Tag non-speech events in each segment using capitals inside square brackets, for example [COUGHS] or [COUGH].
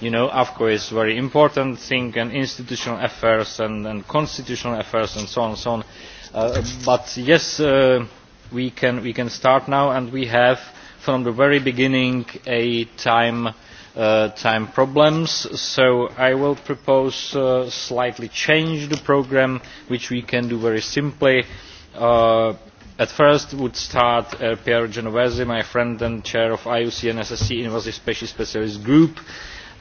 you know afco is a very important thing and institutional affairs and, and constitutional affairs and so on and so on uh, but yes uh, we can we can start now and we have from the very beginning a time uh, time problems so i will propose uh, slightly change the program which we can do very simply uh, at first would start uh, Pierre Genovese, my friend and chair of IUCN SSC Invasive Species Specialist Group. Uh,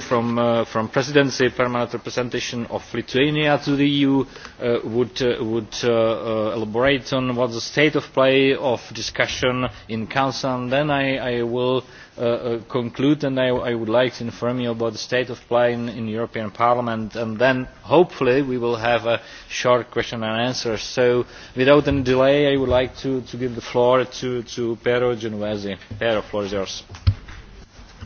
from uh, from presidency permanent representation of Lithuania to the EU uh, would uh, would uh, uh, elaborate on what the state of play of discussion in council and then I, I will uh, uh, conclude and I, I would like to inform you about the state of play in, in European Parliament and then hopefully we will have a short question and answer. So without any delay I would like to, to give the floor to, to Pero Genovese. Pero, floor is yours. Thank you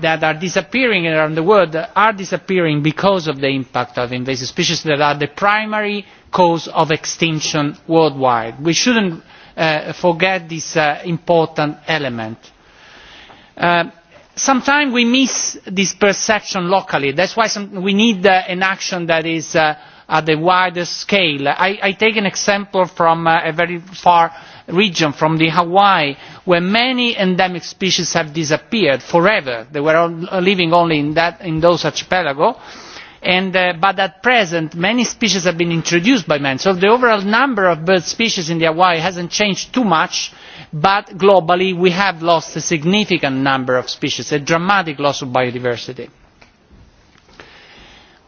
that are disappearing around the world are disappearing because of the impact of invasive species that are the primary cause of extinction worldwide. We shouldn't uh, forget this uh, important element. Uh, sometimes we miss this perception locally. That's why some, we need uh, an action that is uh, at a wider scale. I, I take an example from uh, a very far uh, region from the hawaii where many endemic species have disappeared forever they were uh, living only in, that, in those archipelagos and, uh, but at present many species have been introduced by man so the overall number of bird species in hawaii has not changed too much but globally we have lost a significant number of species a dramatic loss of biodiversity.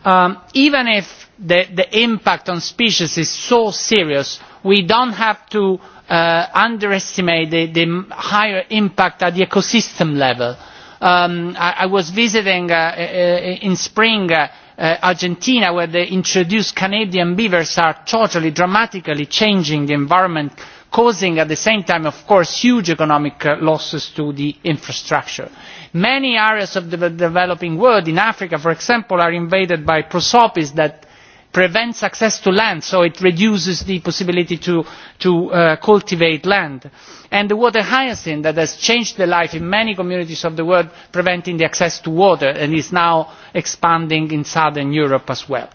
Um, even if the, the impact on species is so serious we do not have to uh, underestimate the, the higher impact at the ecosystem level. Um, I, I was visiting uh, uh, in spring uh, uh, Argentina where the introduced Canadian beavers are totally dramatically changing the environment causing at the same time of course huge economic uh, losses to the infrastructure. Many areas of the developing world in Africa for example are invaded by prosopis that prevents access to land so it reduces the possibility to, to uh, cultivate land and the water hyacinth that has changed the life in many communities of the world preventing the access to water and is now expanding in southern europe as well.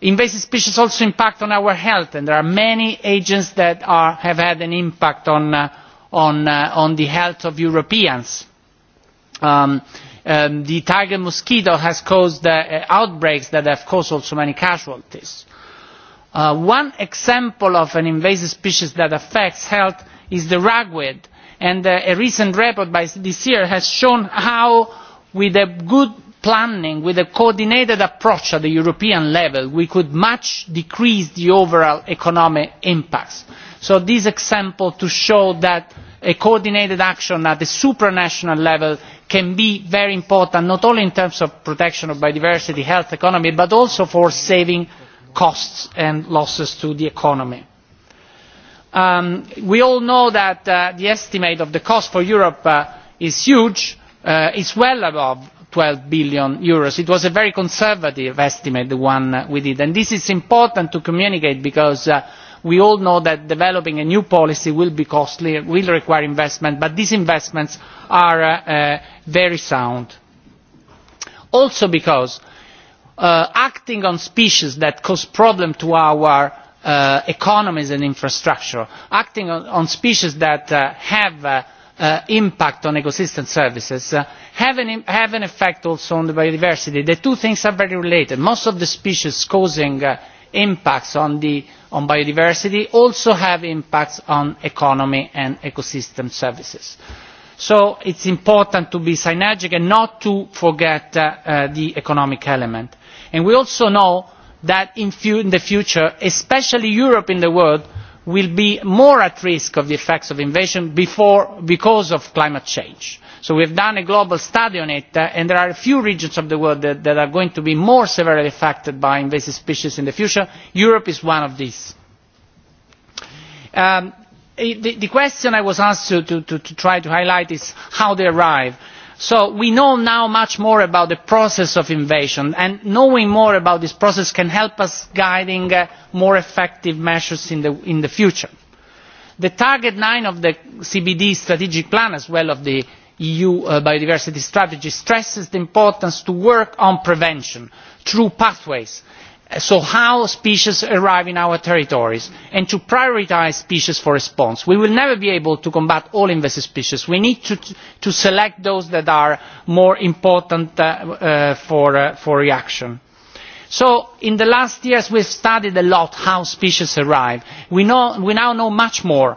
invasive species also impact on our health and there are many agents that are, have had an impact on, uh, on, uh, on the health of europeans. Um, Um, the tiger mosquito has caused uh, outbreaks that have caused also many casualties. Uh, one example of an invasive species that affects health is the ragweed and uh, a recent report by this year has shown how with a good planning with a coordinated approach at the european level we could much decrease the overall economic impacts. so this example to show that a coordinated action at the supranational level can be very important not only in terms of protection of biodiversity health economy but also for saving costs and losses to the economy. Um, we all know that uh, the estimate of the cost for europe uh, is huge uh, it is well above eur twelve billion. Euros. it was a very conservative estimate the one uh, we did and this is important to communicate because uh, we all know that developing a new policy will be costly and will require investment but these investments are uh, uh, very sound. also because uh, acting on species that cause problems to our uh, economies and infrastructure, acting on, on species that uh, have uh, uh, impact on ecosystem services uh, have, an, have an effect also on the biodiversity. The two things are very related. Most of the species causing uh, impacts on, the, on biodiversity also have impacts on economy and ecosystem services. so it is important to be synergic and not to forget uh, uh, the economic element. And we also know that in, in the future especially europe in the world will be more at risk of the effects of invasion before, because of climate change so we have done a global study on it uh, and there are a few regions of the world that, that are going to be more severely affected by invasive species in the future. europe is one of these. Um, the, the question i was asked to, to, to, to try to highlight is how they arrive so we know now much more about the process of invasion and knowing more about this process can help us guide uh, more effective measures in the, in the future. the target nine of the cbd strategic plan as well as the eu uh, biodiversity strategy stresses the importance of working on prevention through pathways uh, so how species arrive in our territories and to prioritise species for response. we will never be able to combat all invasive species. we need to, to select those that are more important uh, uh, for, uh, for reaction. so in the last years we have studied a lot how species arrive. we, know, we now know much more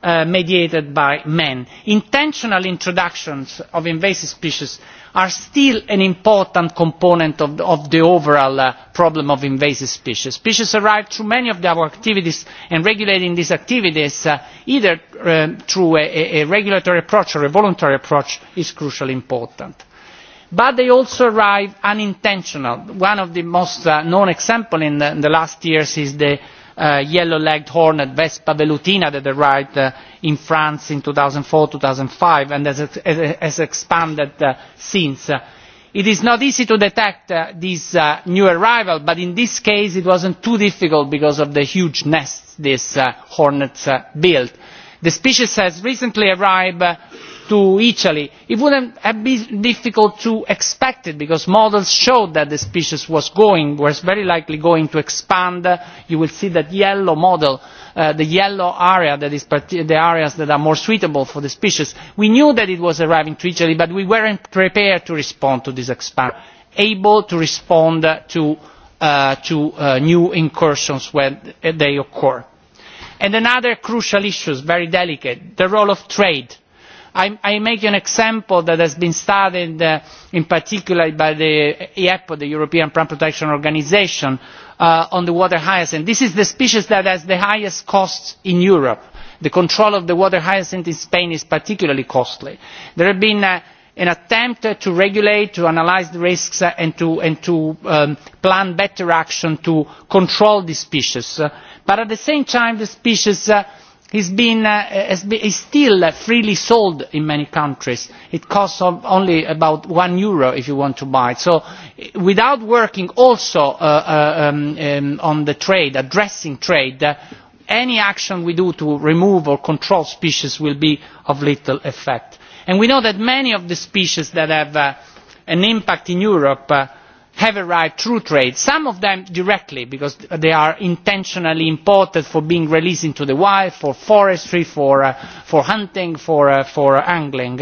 Uh, mediated by man. intentional introductions of invasive species are still an important component of the, of the overall uh, problem of invasive species. species arrive through many of our activities and regulating these activities uh, either uh, through a, a regulatory approach or a voluntary approach is crucially important but they also arrive unintentionally. one of the most uh, known examples in, in the last years is the uh, yellow-legged hornet Vespa velutina that arrived uh, in France in 2004-2005 and has, has expanded uh, since. Uh, it is not easy to detect uh, this uh, new arrival but in this case it was not too difficult because of the huge nests these uh, hornets uh, build. the species has recently arrived uh, to italy it would not have been difficult to expect it because models showed that the species was going was very likely going to expand. you will see that yellow model uh, the yellow area that is the areas that are more suitable for the species. we knew that it was arriving to italy but we were not prepared to respond to this expansion able to respond to, uh, to uh, new incursions when they occur. And another crucial issue very delicate the role of trade I, i make an example that has been studied uh, in particular by the epo the european plant protection organisation uh, on the water hyacinth. this is the species that has the highest costs in europe. the control of the water hyacinth in spain is particularly costly. there have been uh, an attempt to regulate to analyse the risks uh, and to, and to um, plan better action to control this species uh, but at the same time the species uh, is, been, uh, is, be, is still freely sold in many countries. It costs only about one euro if you want to buy it. So without working also uh, uh, um, um, on the trade, addressing trade, uh, any action we do to remove or control species will be of little effect. And we know that many of the species that have uh, an impact in Europe uh, have arrived through trade some of them directly because they are intentionally imported for being released into the wild for forestry for, uh, for hunting for, uh, for angling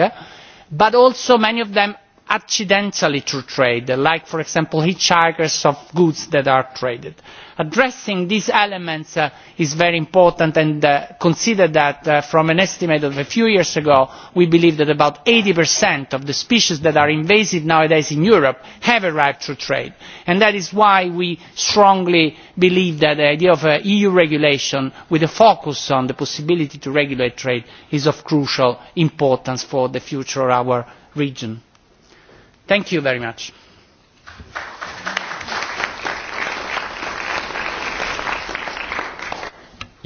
but also many of them accidentally through trade like for example hitchhikers of goods that are traded addressing these elements uh, is very important and uh, consider that uh, from an estimate of a few years ago we believe that about eighty of the species that are invasive nowadays in europe have arrived through trade and that is why we strongly believe that the idea of uh, eu regulation with a focus on the possibility to regulate trade is of crucial importance for the future of our region. thank you very much.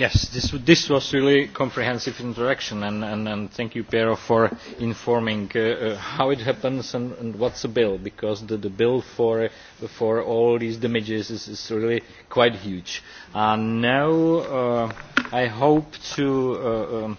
Yes, this, this was really comprehensive interaction, and, and, and thank you, Piero, for informing uh, uh how it happens and, and what's the bill, because the, the bill for, for all these damages is, is really quite huge. And now uh, I hope to... Uh, um,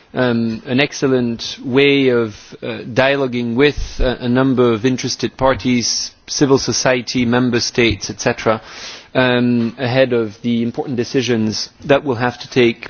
um, an excellent way of uh, dialoguing with a, uh, a number of interested parties, civil society, member states, etc., um, ahead of the important decisions that we'll have to take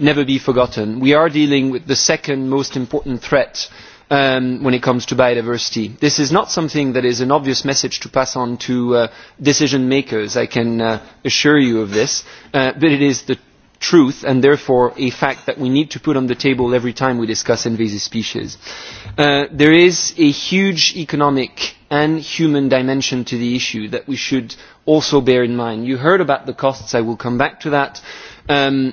never be forgotten. We are dealing with the second most important threat um, when it comes to biodiversity. This is not something that is an obvious message to pass on to uh, decision makers, I can uh, assure you of this, uh, but it is the truth and therefore a fact that we need to put on the table every time we discuss invasive species. Uh, there is a huge economic and human dimension to the issue that we should also bear in mind. You heard about the costs, I will come back to that. Um,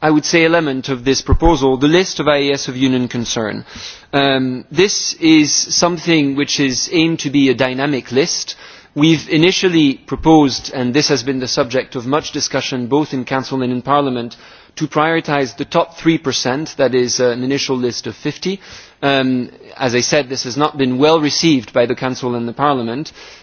I would say, element of this proposal, the list of IAS of union concern. Um, this is something which is aimed to be a dynamic list. We've initially proposed, and this has been the subject of much discussion both in Council and in Parliament, to prioritise the top 3%, that is uh, an initial list of 50. Um, as I said, this has not been well received by the Council and the Parliament. Uh,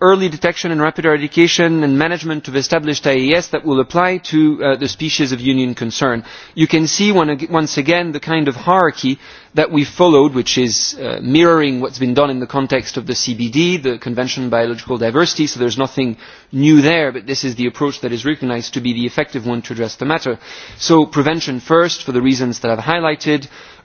early detection and rapid eradication and management of established ias e that will apply to uh, the species of union concern. you can see one, once again the kind of hierarchy that we followed which is uh, mirroring what has been done in the context of the cbd the convention on biological diversity so there is nothing new there but this is the approach that is recognised to be the effective one to address the matter. so prevention first for the reasons that i have highlighted;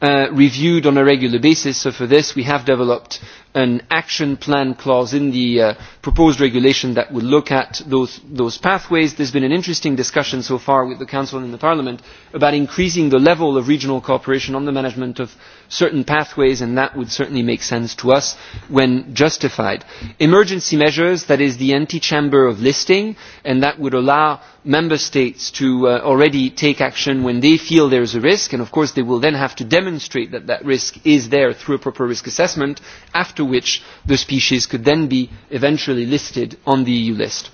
uh, reviewed on a regular basis. So for this, we have developed an action plan clause in the uh, proposed regulation that would look at those, those pathways. There's been an interesting discussion so far with the Council and the Parliament about increasing the level of regional cooperation on the management of certain pathways, and that would certainly make sense to us when justified. Emergency measures, that is the antechamber of listing, and that would allow member states to uh, already take action when they feel there is a risk, and of course they will then have to demonstrate that that risk is there through a proper risk assessment after through which the species could then be eventually listed on the EU list.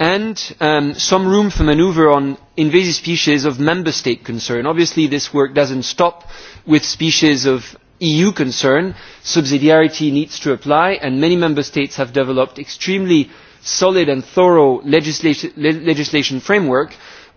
And um, some room for manoeuvre on invasive species of member state concern. Obviously this work doesn't stop with species of EU concern. Subsidiarity needs to apply and many member states have developed extremely solid and thorough legislati legislation framework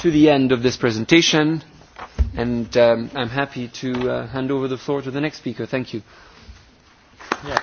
to the end of this presentation, and um, I'm happy to uh, hand over the floor to the next speaker. Thank you. Yes.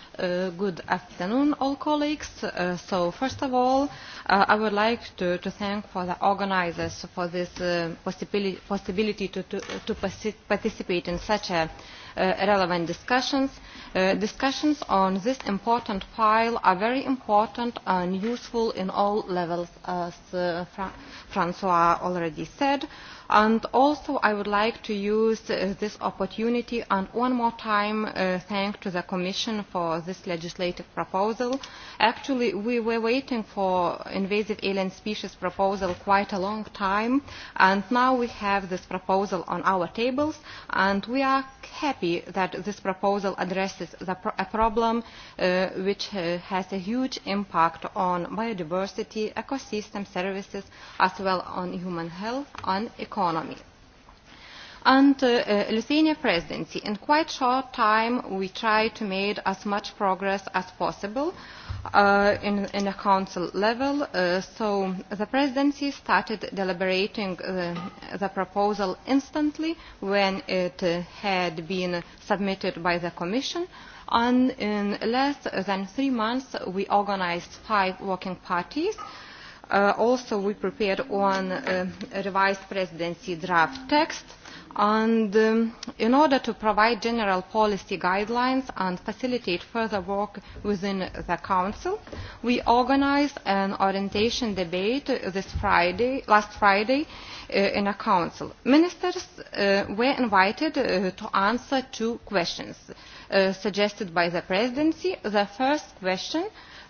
Uh, good afternoon, all colleagues. Uh, so, first of all, uh, I would like to, to thank for the organizers for this uh, possibility, possibility to, to, to participate in such a uh, relevant discussions. Uh, discussions on this important file are very important and useful in all levels, as uh, Fra Francois already said. Uh, And also I would like to use uh, this opportunity and one more time uh, thank to the Commission for this legislative proposal. Actually, we were waiting for invasive alien species proposal quite a long time, and now we have this proposal on our tables, and we are happy that this proposal addresses the pro a problem uh, which uh, has a huge impact on biodiversity, ecosystem services, as well on human health and ecology economy. And uh, uh, Lithuania presidency, in quite short time, we try to make as much progress as possible uh, in, in a council level. Uh, so the presidency started deliberating uh, the proposal instantly when it uh, had been submitted by the commission. And in less than three months, we organized five working parties uh, Uh, also, we prepared on uh, a revised presidency draft text. And um, in order to provide general policy guidelines and facilitate further work within the Council, we organized an orientation debate this Friday, last Friday uh, in a Council. Ministers uh, were invited uh, to answer two questions uh, suggested by the Presidency. The first question uh,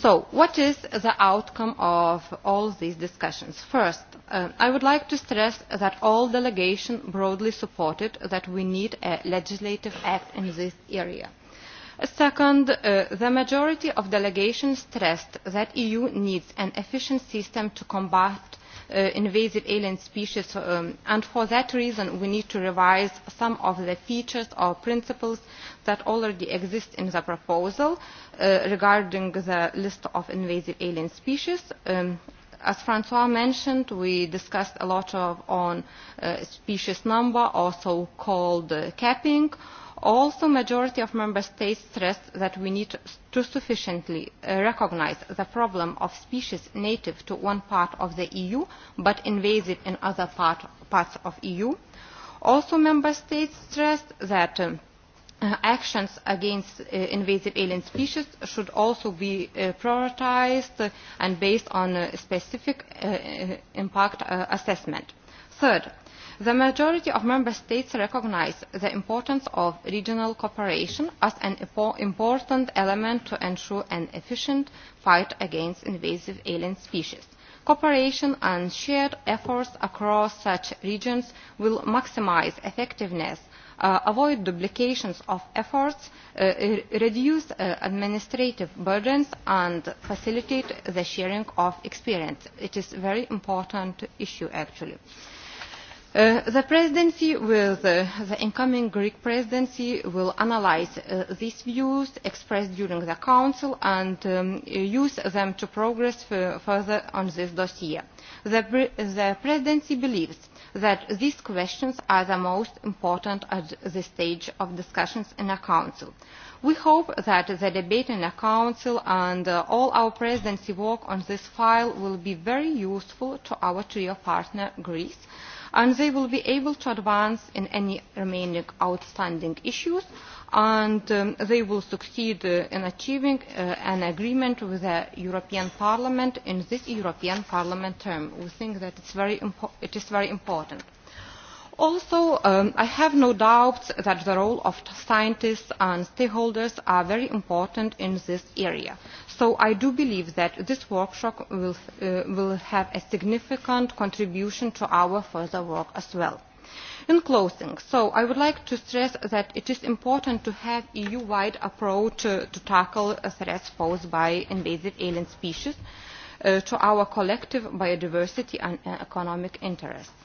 So, what is the outcome of all these discussions? First, uh, I would like to stress that all delegations broadly supported that we need a legislative act in this area. Second, uh, the majority of delegations stressed that EU needs an efficient system to combat uh, invasive alien species um, and for that reason we need to revise some of the features or principles that already exist in the proposal uh, regarding the list of invasive alien species. Um, as Francois mentioned, we discussed a lot of on uh, species number, also called uh, capping, uh, also the majority of member states stressed that we need to sufficiently uh, recognise the problem of species native to one part of the eu but invasive in other part, parts of the eu. also member states stressed that um, uh, actions against uh, invasive alien species should also be uh, prioritised and based on a specific uh, uh impact assessment. third the majority of member states recognise the importance of regional cooperation as an important element to ensure an efficient fight against invasive alien species. cooperation and shared efforts across such regions will maximise effectiveness uh, avoid duplications of efforts uh, reduce uh, administrative burdens and facilitate the sharing of experience. it is a very important issue actually. Uh, the presidency will the, the incoming greek presidency will analyse uh, these views expressed during the council and um, use them to progress further on this dossier. The, the presidency believes that these questions are the most important at this stage of discussions in a council. we hope that the debate in a council and uh, all our presidency work on this file will be very useful to our trio partner greece and they will be able to advance in any remaining outstanding issues and um, they will succeed uh, in achieving uh, an agreement with the European Parliament in this European Parliament term. We think that it's very impo it is very important. Also, um, I have no doubts that the role of scientists and stakeholders are very important in this area so i do believe that this workshop will, uh, will have a significant contribution to our further work as well. in closing so i would like to stress that it is important to have an e eu wide approach uh, to tackle uh, threats posed by invasive alien species uh, to our collective biodiversity and uh, economic interests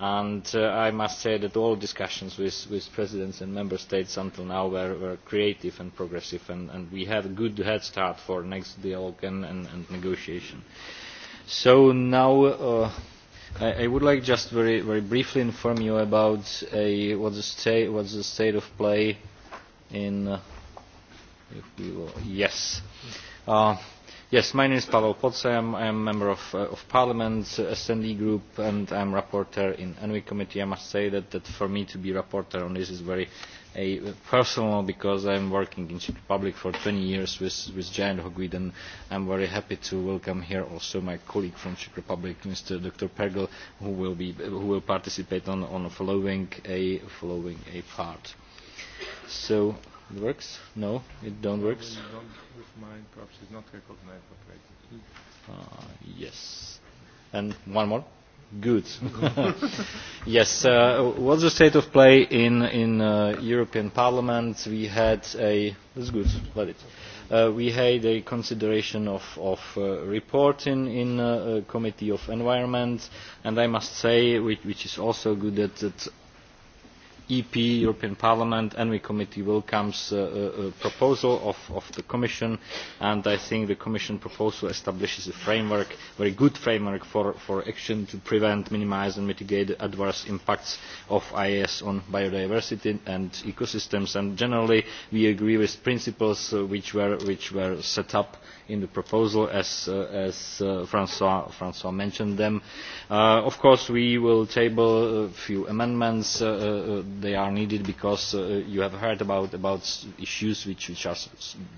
and uh, i must say that all discussions with, with presidents and member states until now were, were creative and progressive and, and we had a good head start for next dialogue and, and, and negotiation. so now uh, I, I would like just very, very briefly inform you about a, what's, the sta- what's the state of play in uh, if we will, yes. Uh, Yes, my name is Pavel Poce. I'm, I'm a member of, uh, of Parliament, uh, SND group, and I'm rapporteur in ENVI committee. I must say that, that for me to be rapporteur on this is very a personal because I'm working in Czech Republic for 20 years with, with Jan Hogwid and I'm very happy to welcome here also my colleague from Czech Republic, Mr. Dr. Pergel, who will, be, who will participate on, on following, a, following a part. So It works? No, it don't no, works. Don't with mine, perhaps it's not recognized operating. Uh, ah, yes. And one more. Good. [LAUGHS] yes. Uh, what's the state of play in in uh, European Parliament? We had a. That's good. Let it. Uh, we had a consideration of of uh, report in in uh, committee of environment, and I must say, which, which is also good that. that ep european parliament envi committee welcomes the uh, uh, uh, proposal of, of the commission and i think the commission proposal establishes a framework a very good framework for, for action to prevent minimise and mitigate the adverse impacts of ias on biodiversity and ecosystems and generally we agree with principles which were, which were set up in the proposal as, uh, as uh, Francois, Francois mentioned them. Uh, of course, we will table a few amendments. Uh, uh, they are needed because uh, you have heard about, about issues which, which, are,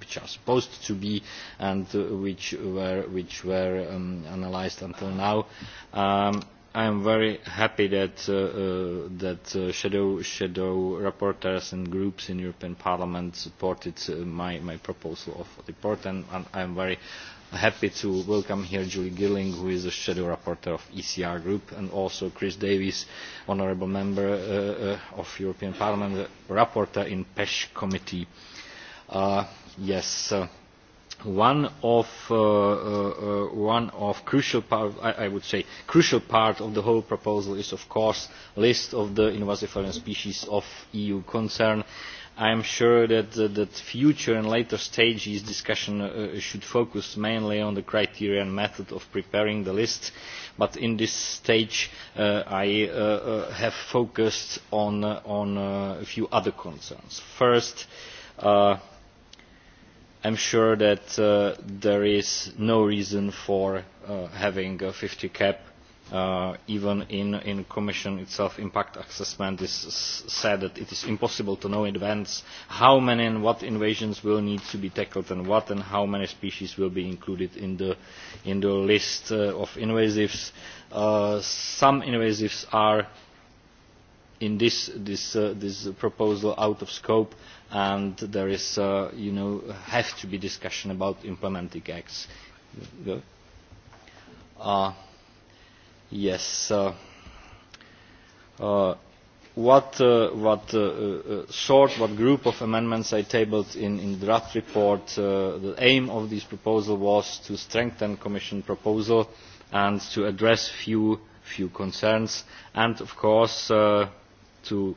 which are supposed to be and uh, which were, which were um, analyzed until now. Um, I am very happy that, uh, uh, that uh, shadow, shadow rapporteurs and groups in European Parliament supported uh, my, my proposal of report and, and I am very uh, happy to welcome here Julie Gilling, who is the shadow rapporteur of ECR Group, and also Chris Davies, honourable member uh, uh, of European Parliament, rapporteur in PESH committee. Uh, yes, uh, one of uh, uh, one of crucial part, I, I would say, crucial part of the whole proposal is, of course, list of the invasive alien species of EU concern. Uh, I am sure that uh, that future and later stages discussion uh, should focus mainly on the criteria and method of preparing the list. But in this stage, uh, I uh, uh, have focused on uh, on uh, a few other concerns. First. Uh, I'm sure that uh, there is no reason for uh, having a 50 cap uh, uh, even in, in Commission itself impact assessment is said that it is impossible to know in advance how many and what invasions will need to be tackled and what and how many species will be included in the, in the list uh, of invasives. Uh, some invasives are in this, this, uh, this proposal out of scope and there is, uh, you know, have to be discussion about implementing acts. Uh, Yes. Uh, uh, what uh, what uh, uh, uh sort, what group of amendments I tabled in, in the draft report, uh, the aim of this proposal was to strengthen Commission proposal and to address few, few concerns and, of course, uh, to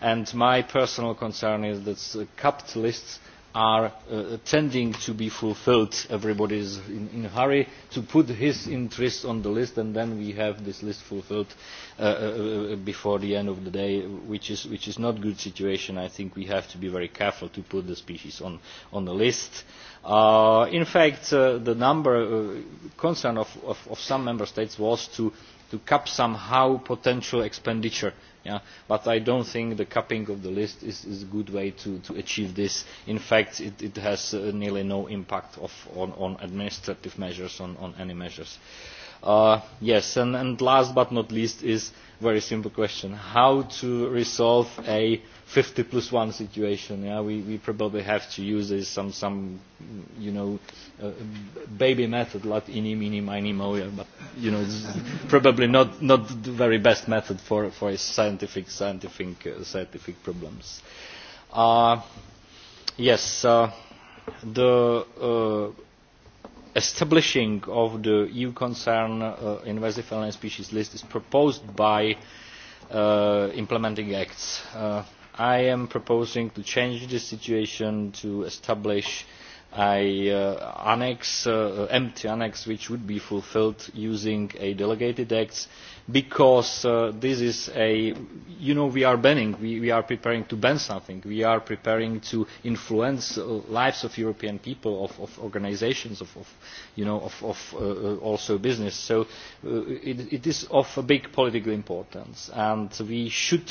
and my personal concern is that capitalists are uh, tending to be fulfilled. Everybody is in, in a hurry to put his interests on the list, and then we have this list fulfilled uh, uh, uh, before the end of the day, which is, which is not a good situation. I think we have to be very careful to put the species on, on the list. Uh, in fact, uh, the number uh, concern of, of, of some member states was to uh, to cap somehow potential expenditure. Yeah? But I don't think the capping of the list is, is a good way to, to achieve this. In fact, it, it has uh, nearly no impact of, on, on administrative measures, on, on any measures. Uh, Uh, yes, and, and last but not least is a very simple question. How to resolve a 50 plus 1 situation? Yeah, we, we probably have to use this, some, some you know, uh, baby method, like ini, mini, mini, mo, yeah, but, you know, it's probably not, not the very best method for, for scientific, scientific, uh, scientific problems. Uh, yes, uh, the... Uh, establishing of the EU concern uh, invasive alien species list is proposed by uh, implementing acts. Uh, I am proposing to change the situation to establish uh, an uh, annex, uh, empty annex which would be fulfilled using a delegated act because uh, this is a, you know, we are banning, we, we are preparing to ban something, we are preparing to influence uh, lives of European people, of, of organizations, of, of, you know, of, of uh, uh also business. So uh, it, it is of a big political importance and we should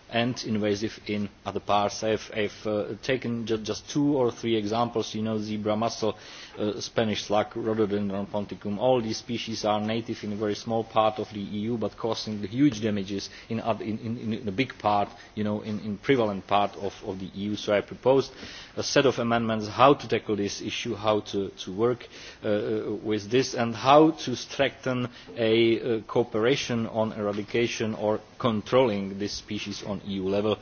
and invasive in other parts. i have uh, taken ju just two or three examples you know zebra mussel uh, Spanish slug, rhododendron ponticum. All these species are native in a very small part of the EU, but causing huge damages in, other, in, in, in a big part, you know, in, in prevalent part of, of the EU. So I proposed a set of amendments how to tackle this issue, how to, to work uh, uh with this, and how to strengthen a uh, cooperation on eradication or controlling this species on EU level. Uh,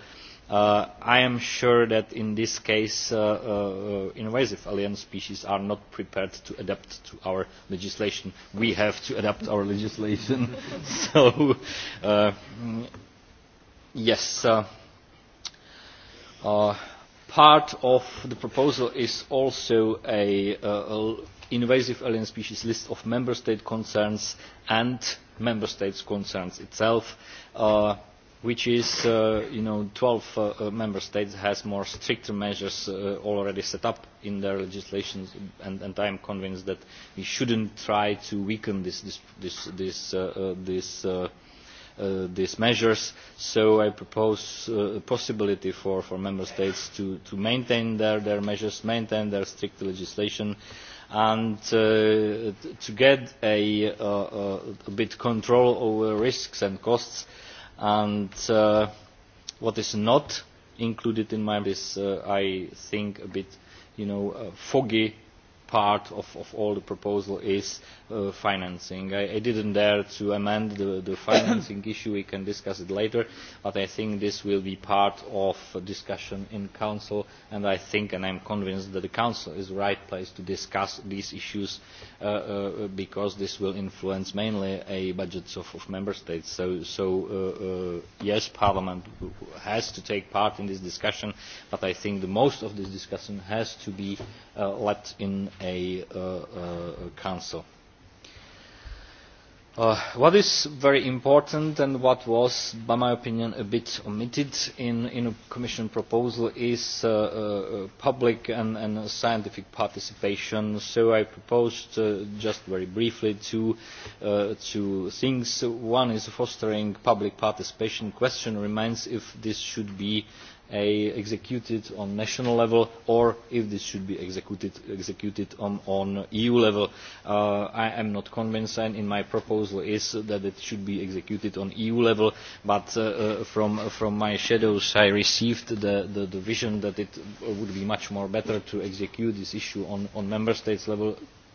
uh, I am sure that in this case uh, uh, invasive alien species are not prepared to adapt to our legislation. We have to adapt our legislation. [LAUGHS] so, uh, yes, uh, uh, part of the proposal is also a, uh, a invasive alien species list of member state concerns and member states concerns itself. Uh, which is uh, you know 12 uh, uh, member states has more stricter measures uh, already set up in their legislation and, and I am convinced that we shouldn't try to weaken this, this, this, this, uh, uh, this uh, uh, these measures, so I propose uh, a possibility for, for member states to, to maintain their, their measures, maintain their strict legislation, and uh, to get a, uh, uh, a bit control over risks and costs uh, and uh, what is not included in my is uh, i think a bit you know uh, foggy part of, of all the proposal is uh, financing. I, I didn't dare to amend the, the [COUGHS] financing issue, we can discuss it later, but I think this will be part of discussion in Council, and I think and I'm convinced that the Council is the right place to discuss these issues uh, uh, because this will influence mainly a budgets of, of Member States. So, so uh, uh, yes, Parliament has to take part in this discussion, but I think the most of this discussion has to be uh, uh, let in a uh, uh, council. Uh, what is very important and what was, by my opinion, a bit omitted in, in a Commission proposal is uh, uh, public and, and scientific participation. So I proposed, uh, just very briefly, two, uh, two things. One is fostering public participation. The question remains if this should be uh, a, executed on national level or if this should be executed, executed on, on EU level. Uh, I am not convinced and in my proposal is that it should be executed on EU level but uh, uh, from, from my shadows I received the, the, the vision that it would be much more better to execute this issue on, on member states level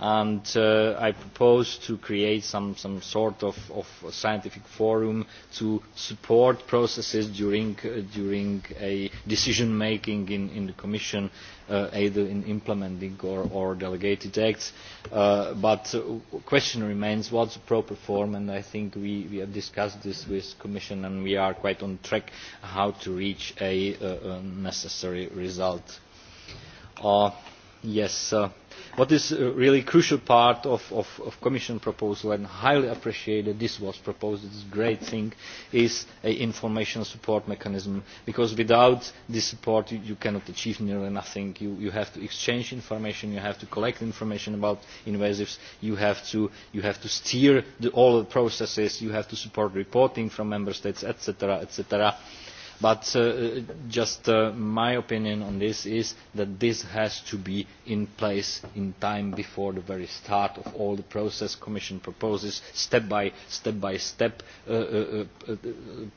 and uh, I propose to create some, some sort of, of scientific forum to support processes during, uh, during a decision making in, in the Commission, uh, either in implementing or, or delegated acts. Uh, but the uh, question remains what's the proper form, and I think we, we have discussed this with the Commission and we are quite on track how to reach a, a, a necessary result. Uh, Yes. Uh, what is a uh, really crucial part of, of, of Commission proposal and highly appreciated this was proposed, it's a great thing, is an information support mechanism because without this support you, you cannot achieve nearly nothing. You, you have to exchange information, you have to collect information about invasives, you have to, you have to steer the, all the processes, you have to support reporting from member states, etc., etc but uh, uh, just uh, my opinion on this is that this has to be in place in time before the very start of all the process the commission proposes step by step by step uh, uh, uh, uh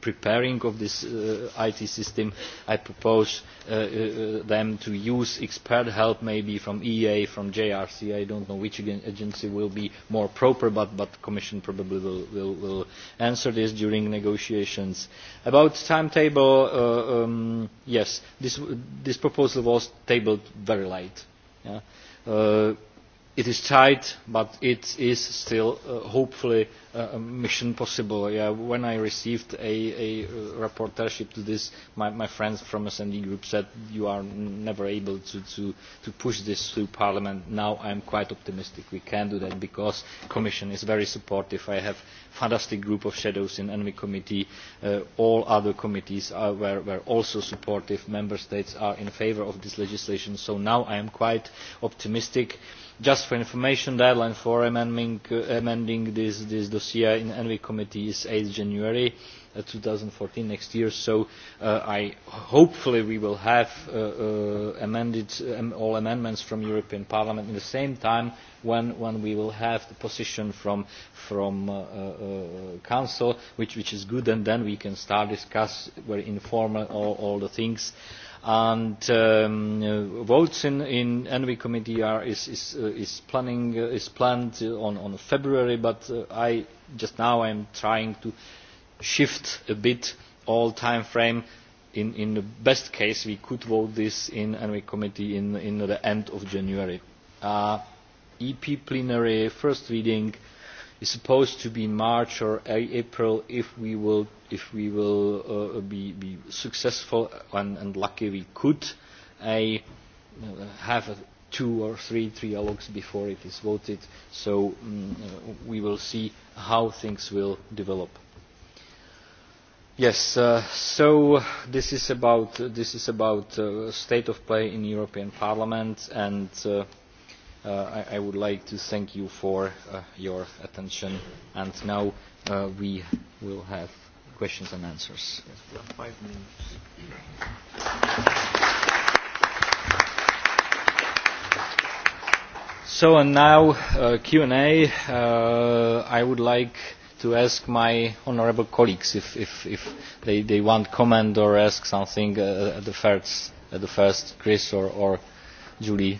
preparing of this uh, IT system I propose uh, uh, uh, them to use expert help maybe from EA from JRC I don't know which agency will be more proper but, but the commission probably will, will, will answer this during negotiations about timetable so uh, um, yes this, this proposal was tabled very late. Yeah? Uh, it is tight but it is still uh, hopefully uh, mission possible. Yeah, when I received a, a uh, reportership to this, my, my friends from SND group said you are never able to, to, to push this through Parliament. Now I am quite optimistic we can do that because Commission is very supportive. I have a fantastic group of shadows in Enemy Committee. Uh, all other committees are, were, were also supportive. Member States are in favour of this legislation. So now I am quite optimistic. Uh, just for information the deadline for amending, uh, amending this, this dossier in the envi committee is eight january two thousand and fourteen next year so uh, I, hopefully we will have uh, uh amended um, all amendments from the european parliament at the same time when, when we will have the position from the uh, uh, council which, which is good and then we can start discussing very informally all, all the things and um, uh, votes in in envi committee are is is uh, is planning uh, is planned on on february but uh, i just now i'm trying to shift a bit all time frame in in the best case we could vote this in envi committee in in the end of january uh, ep plenary first reading uh, is supposed to be in March or April if we will, if we will uh, be, be successful and, and lucky we could a, uh, have a two or three trialogues before it is voted. So um, uh, we will see how things will develop. Yes, uh, so this is about, this is about uh, state of play in European Parliament and uh, uh, I, I would like to thank you for uh, your attention. And now uh, we will have questions and answers. Yes, we have five minutes. So and now uh, Q&A. Uh, I would like to ask my honourable colleagues if, if, if they, they want comment or ask something uh, at the first, at the first Chris or, or Julie.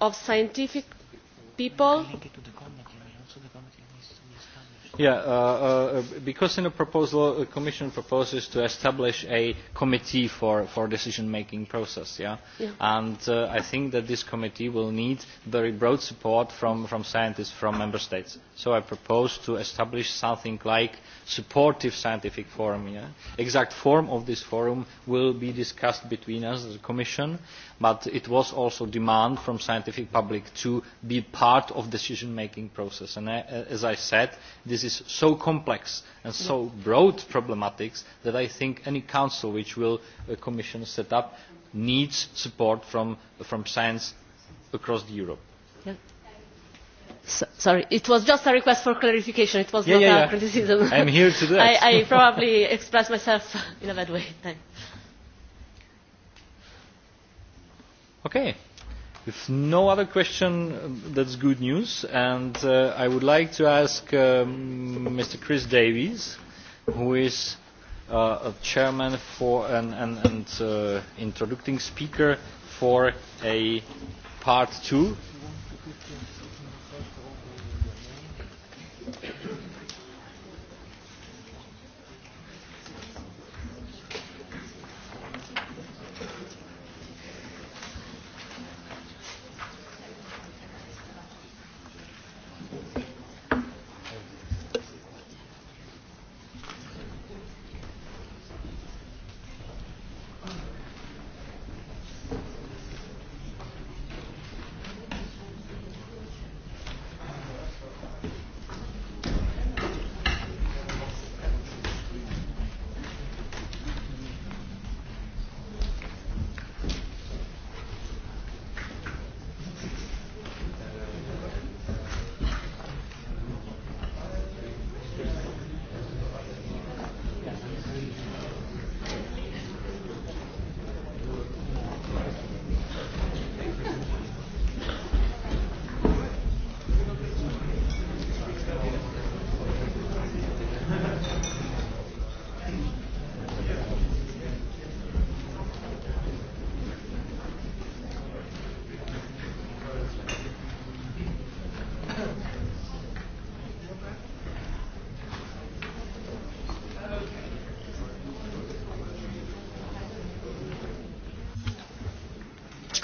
of scientific people Yeah, uh, uh, because in the proposal, the Commission proposes to establish a committee for for decision-making process. Yeah, yeah. and uh, I think that this committee will need very broad support from from scientists from member states. So I propose to establish something like supportive scientific forum. Yeah, exact form of this forum will be discussed between us, the Commission, but it was also demand from scientific public to be part of decision-making process. And I, uh, as I said, this is so complex and so broad problematic that i think any council which the uh, commission will set up needs support from, from science across europe. Yeah. So, sorry it was just a request for clarification it was yeah, not yeah, a yeah. criticism. i am here to do that. [LAUGHS] I, I probably expressed myself in a bad way. Thanks. okay. If no other question, uh, that's good news. And uh, I would like to ask um, Mr. Chris Davies, who is uh, a chairman for and, and, and uh, introducing speaker for a part two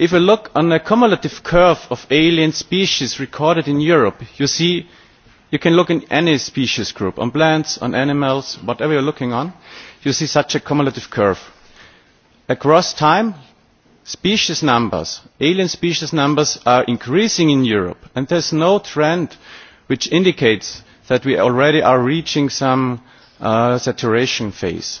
if you look at the cumulative curve of alien species recorded in europe you see you can look at any species group on plants on animals whatever you are looking at you see such a cumulative curve. across time species numbers alien species numbers are increasing in europe and there is no trend which indicates that we already are reaching some uh, saturation phase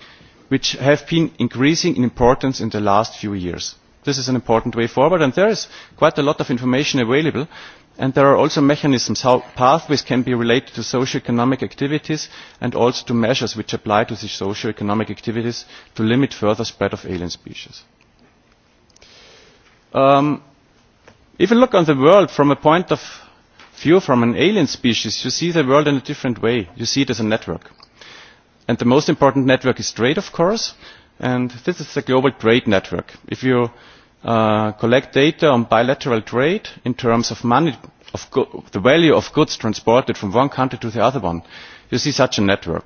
which have been increasing in importance in the last few years. this is an important way forward and there is quite a lot of information available and there are also mechanisms how pathways can be related to socio economic activities and also to measures which apply to these socio economic activities to limit further spread of alien species. Um, if you look on the world from a point of view from an alien species you see the world in a different way you see it as a network and the most important network is trade of course and this is the global trade network. if you uh, collect data on bilateral trade in terms of money of go the value of goods transported from one country to the other one you see such a network.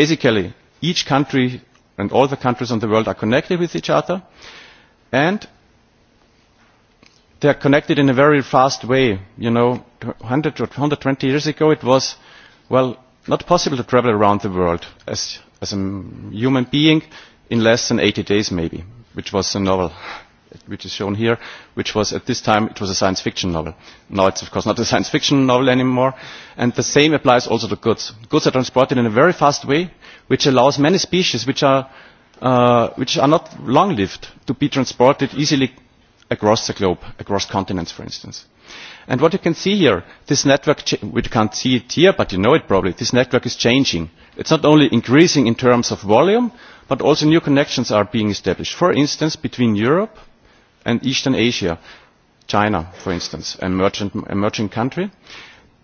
basically each country and all the countries in the world are connected with each other and they are connected in a very fast way. you know, 100 or 120 years ago it was, well, not possible to travel around the world as, as a human being in less than 80 days maybe, which was a novel which is shown here, which was at this time it was a science fiction novel. Now it's of course not a [LAUGHS] science fiction novel anymore. And the same applies also to goods. Goods are transported in a very fast way, which allows many species which are, uh, which are not long-lived to be transported easily across the globe, across continents for instance And what you can see here, this network, we can't see it here, but you know it probably, this network is changing. It's not only increasing in terms of volume, but also new connections are being established. For instance, between Europe and Eastern Asia, China, for instance, an emerging, emerging country.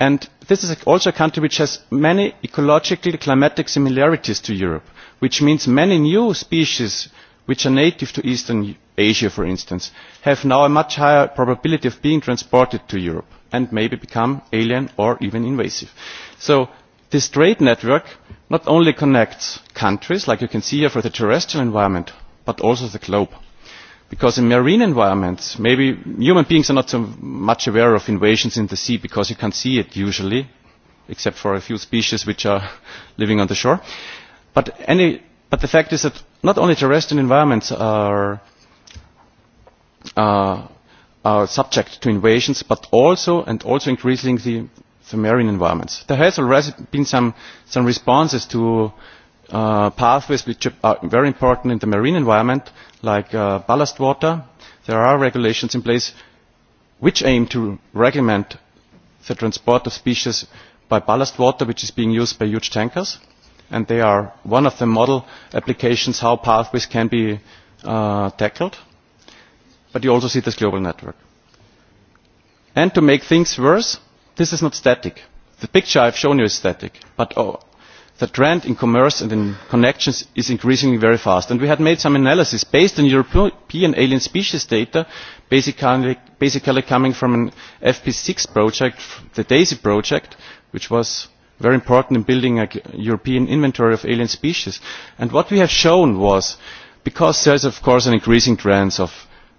And this is also a country which has many ecological climatic similarities to Europe, which means many new species which are native to Eastern asia for instance have now a much higher probability of being transported to europe and maybe become alien or even invasive. so this trade network not only connects countries like you can see here for the terrestrial environment but also the globe because in marine environments maybe human beings are not so much aware of invasions in the sea because you can't see it usually except for a few species which are [LAUGHS] living on the shore but any but the fact is that not only terrestrial environments are uh, are subject to invasions, but also and also increasingly the, the marine environments. There has already been some, some responses to uh, pathways which are very important in the marine environment, like uh, ballast water. There are regulations in place which aim to regulate the transport of species by ballast water, which is being used by huge tankers. And they are one of the model applications how pathways can be uh, tackled. Uh, but you also see this global network. And to make things worse, this is not static. The picture I've shown you is static, but oh, the trend in commerce and in connections is increasing very fast. And we had made some analysis based on European alien species data, basically, basically coming from an FP6 project, the DAISY project, which was very important in building a European inventory of alien species. And what we have shown was, because there's of course an increasing trend of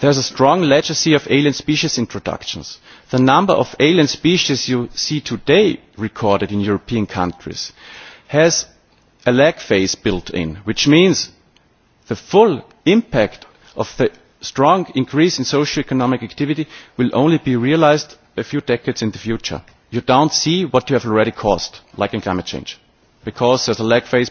there is a strong legacy of alien species introductions. the number of alien species you see today recorded in european countries has a lag phase built in which means the full impact of the strong increase in socio economic activity will only be realised a few decades in the future. you do not see what you have already caused like in climate change because there is a lag phase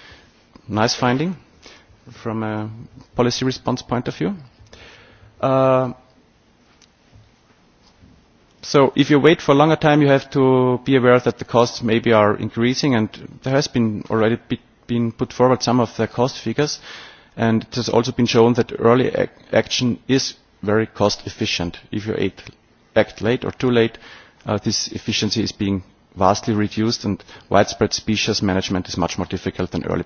nice finding from a policy response point of view. Uh, so if you wait for a longer time, you have to be aware that the costs maybe are increasing, and there has been already be, been put forward some of the cost figures, and it has also been shown that early ac action is very cost efficient. If you act, act late or too late, uh, this efficiency is being vastly reduced, and widespread species management is much more difficult than early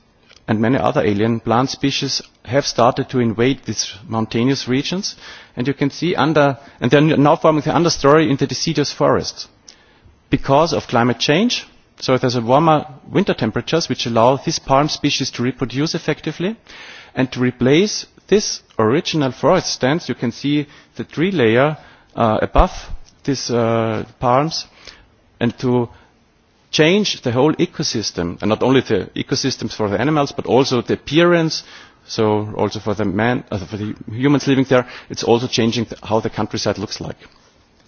and many other alien plant species have started to invade these mountainous regions and you can see under and they're now forming the understory in the deciduous forests because of climate change so there's a warmer winter temperatures which allow this palm species to reproduce effectively and to replace this original forest stands you can see the tree layer uh, above these uh, palms and to change the whole ecosystem and not only the ecosystems for the animals but also the appearance so also for the man uh, for the humans living there it's also changing the, how the countryside looks like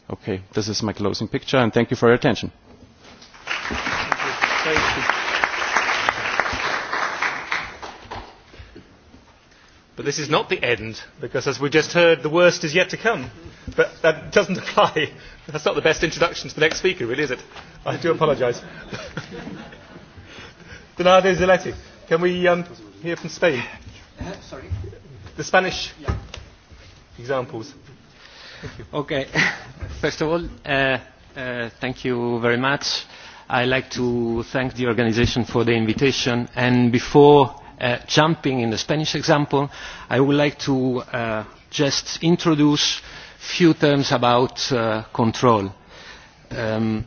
okay this is my closing picture and thank you for your attention thank you. Thank you. But this is not the end, because as we just heard, the worst is yet to come. But that doesn't [LAUGHS] apply. That's not the best introduction to the next speaker, really, is it? I do apologise. Donado [LAUGHS] Zeletti, can we um, hear from Spain? Uh, sorry? The Spanish yeah. examples. Thank you. Okay. [LAUGHS] First of all, uh, uh, thank you very much. I'd like to thank the organization for the invitation. And before uh, jumping in the Spanish example, I would like to uh, just introduce few terms about uh, control. Um,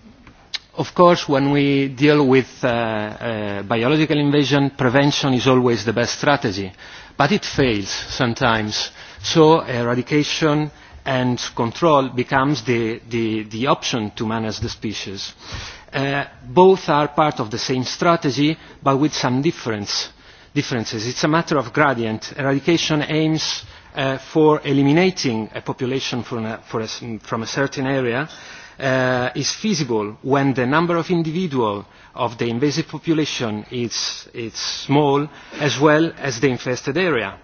of course, when we deal with uh, uh, biological invasion, prevention is always the best strategy, but it fails sometimes. So eradication and control becomes the, the, the option to manage the species. Uh, both are part of the same strategy, but with some difference differences. It's a matter of gradient. Eradication aims uh, for eliminating a population from a, for a, from a certain area uh, is feasible when the number of individuals of the invasive population is, is small as well as the infested area.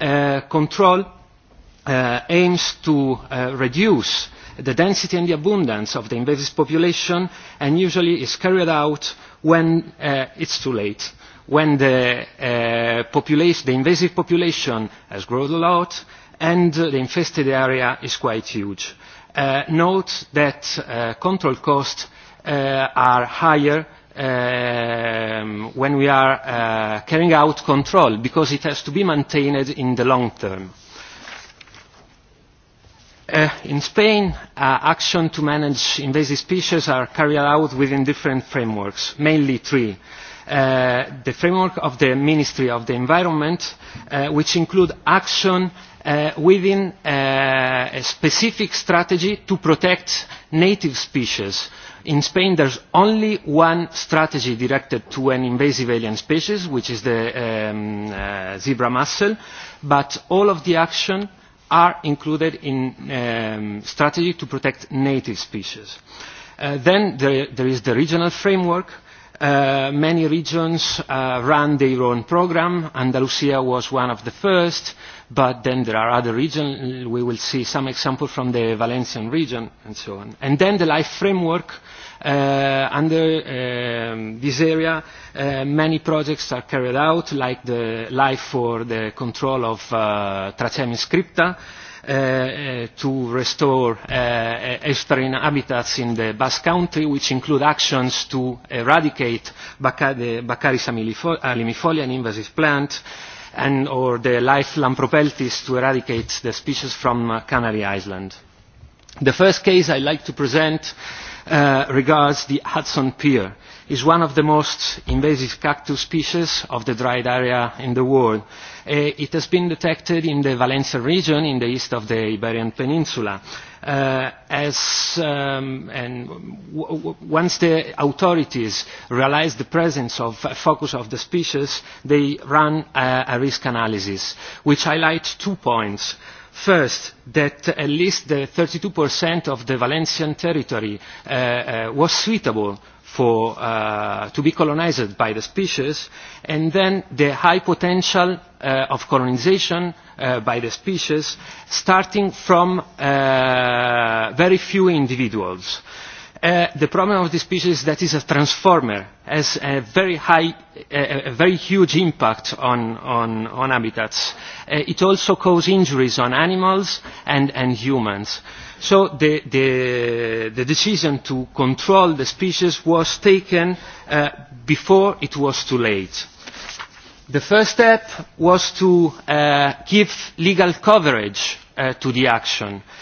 Uh, control uh, aims to uh, reduce the density and the abundance of the invasive population and usually is carried out when uh, it's too late when the uh, population, the invasive population has grown a lot and uh, the infested area is quite huge. Uh, note that uh, control costs uh, are higher um, when we are uh, carrying out control because it has to be maintained in the long term. Uh, in Spain, uh, action to manage invasive species are carried out within different frameworks, mainly three. Uh, uh, the framework of the Ministry of the Environment, uh, which include action uh, within uh, a specific strategy to protect native species. In Spain, there's only one strategy directed to an invasive alien species, which is the um, uh, zebra mussel, but all of the action are included in um, strategy to protect native species. Uh, then there, there is the regional framework, uh, Uh, many regions uh, run their own program. Andalusia was one of the first, but then there are other regions. We will see some example from the Valencian region and so on. And then the life framework uh, under um, this area, uh, many projects are carried out, like the life for the control of uh, Tracemi scripta, uh, uh, to restore uh, eh, estuarine habitats in the Basque Country, which include actions to eradicate Baca the Baccharis alimifolia, an invasive plant, and or the life Lampropeltis to eradicate the species from uh, Canary Island. The first case I'd like to present uh, uh, regards the Hudson pear. It is one of the most invasive cactus species of the dried area in the world. Uh, it has been detected in the Valencia region in the east of the Iberian Peninsula. Uh, as, um, and w w once the authorities realized the presence of a uh, focus of the species, they ran a, a risk analysis, which highlights two points. Uh, First, that at least the 32% of the Valencian territory uh, uh, was suitable for, uh, to be colonized by the species, and then the high potential uh, of colonization uh, by the species starting from uh, very few individuals. Uh, Uh, the problem of this species is that it is a transformer, has a very high, uh, a very huge impact on, on, on habitats. Uh, it also causes injuries on animals and, and humans. So the, the, the decision to control the species was taken uh, before it was too late. The first step was to uh, give legal coverage uh, to the action. Uh,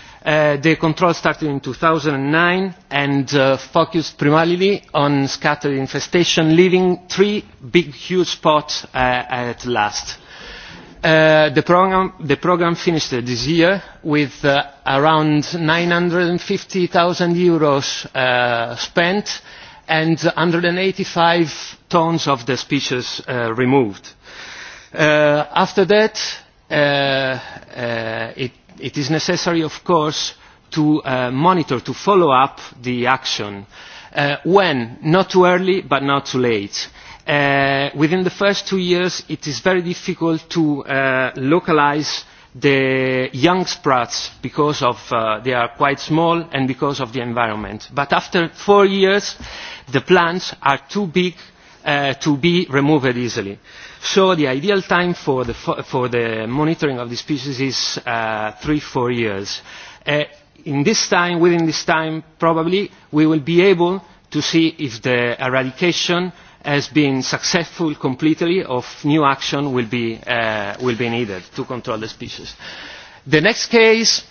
Uh, the control started in two thousand and nine and uh, focused primarily on scatter infestation leaving three big huge spots uh, at last. Uh, the programme, the programme finished this year with uh, around eur nine hundred and fifty zero uh, spent and one hundred and eighty five tonnes of the species removed. after that it it is necessary of course to uh, monitor to follow up the action uh, when not too early but not too late uh, within the first two years it is very difficult to uh, localize the young sprats because of uh, they are quite small and because of the environment but after four years the plants are too big uh, to be removed easily uh, So the ideal time for the, for the monitoring of the species is uh, three, four years. Uh, in this time, within this time, probably, we will be able to see if the eradication has been successful completely or if new action will be, uh, will be needed to control the species. The next case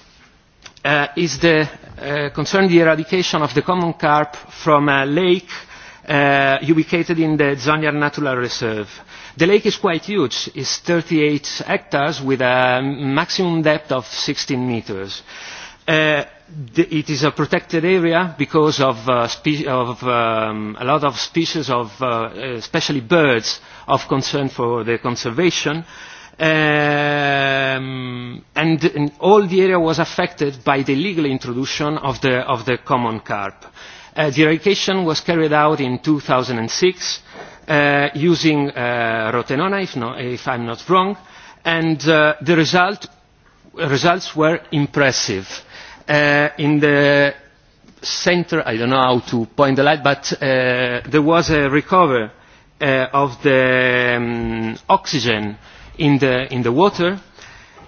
uh, is the, uh, concerning the eradication of the common carp from a lake uh, ubicated in the Zonyar Natural Reserve. Uh, The lake is quite huge. It's 38 hectares with a maximum depth of 16 meters. Uh, the, it is a protected area because of, uh, spe of um, a lot of species of, uh, especially birds, of concern for the conservation. Um, and, and all the area was affected by the illegal introduction of the, of the common carp. Uh, the eradication was carried out in 2006 uh, using uh, rotenona, if, not, if I'm not wrong, and uh, the result, results were impressive. Uh, in the center, I don't know how to point the light, but uh, there was a recovery uh, of the um, oxygen in the, in the water,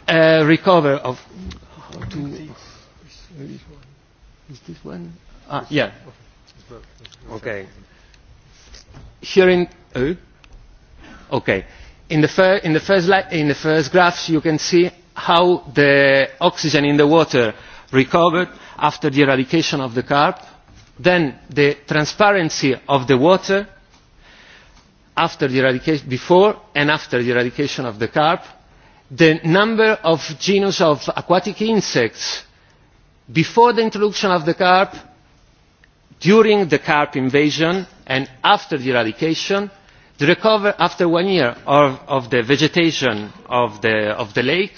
uh, recover of... To, is this one? Ah, yeah. Okay in the first graphs you can see how the oxygen in the water recovered after the eradication of the carp then the transparency of the water after the eradication, before and after the eradication of the carp the number of genus of aquatic insects before the introduction of the carp during the carp invasion and after the eradication the recovery after one year of, of the vegetation of the, of the lake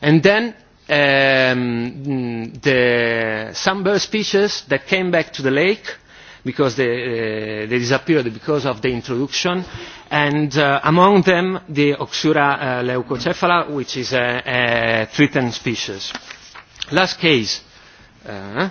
and then um, the, some bird species that came back to the lake because they, uh, they disappeared because of the introduction and uh, among them the Oxura uh, leucocephala which is a, a threatened species. Last case. Uh,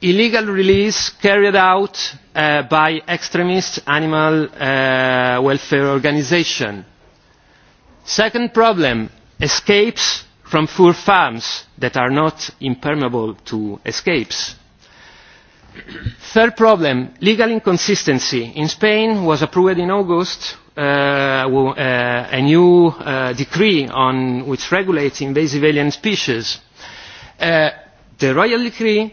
illegal release carried out uh, by extremist animal uh, welfare organisations. second problem escapes from fur farms that are not impermeable to escapes. third problem legal inconsistency. in spain was approved in august uh, uh, a new uh, decree on which regulates invasive alien species. Uh, the royal decree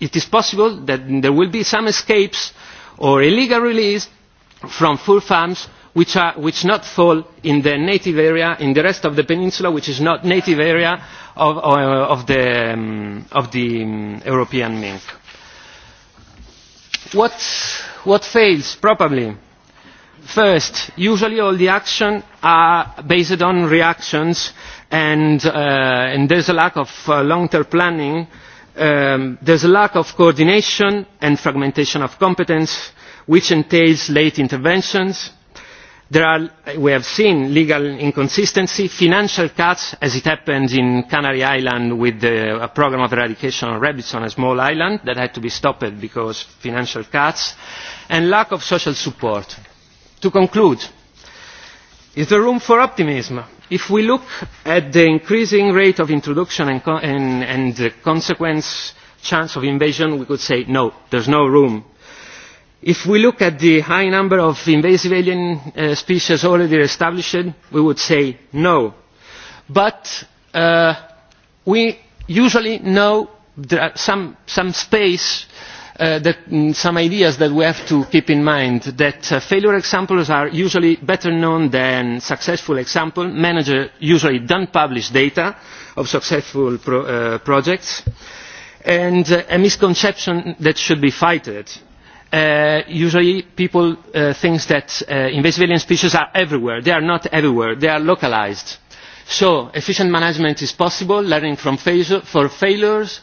it is possible that there will be some escapes or illegal release from fur farms which do not fall in their native area in the rest of the peninsula which is not native area of, uh, of the, um, of the um, European mink. What, what fails, probably? First, usually all the actions are based on reactions and, uh, and there's a lack of uh, long-term planning uh, um, there is a lack of coordination and fragmentation of competence which entails late interventions. there are we have seen legal inconsistency financial cuts as happened in canary islands with the, a programme of eradication of rabies on a small island that had to be stopped because of financial cuts and lack of social support. to conclude is there room for optimism? if we look at the increasing rate of introduction and, and, and the consequent chance of invasion, we could say no, there's no room. If we look at the high number of invasive alien uh, species already established, we would say no. But uh, we usually know there are some, some space uh, that, um, some ideas that we have to keep in mind that uh, failure examples are usually better known than successful examples. Managers usually don't publish data of successful pro, uh, projects and uh, a misconception that should be fighted. Uh, usually people uh, think that uh, invasive alien species are everywhere. They are not everywhere. They are localized. So efficient management is possible, learning from failure, for failures, uh,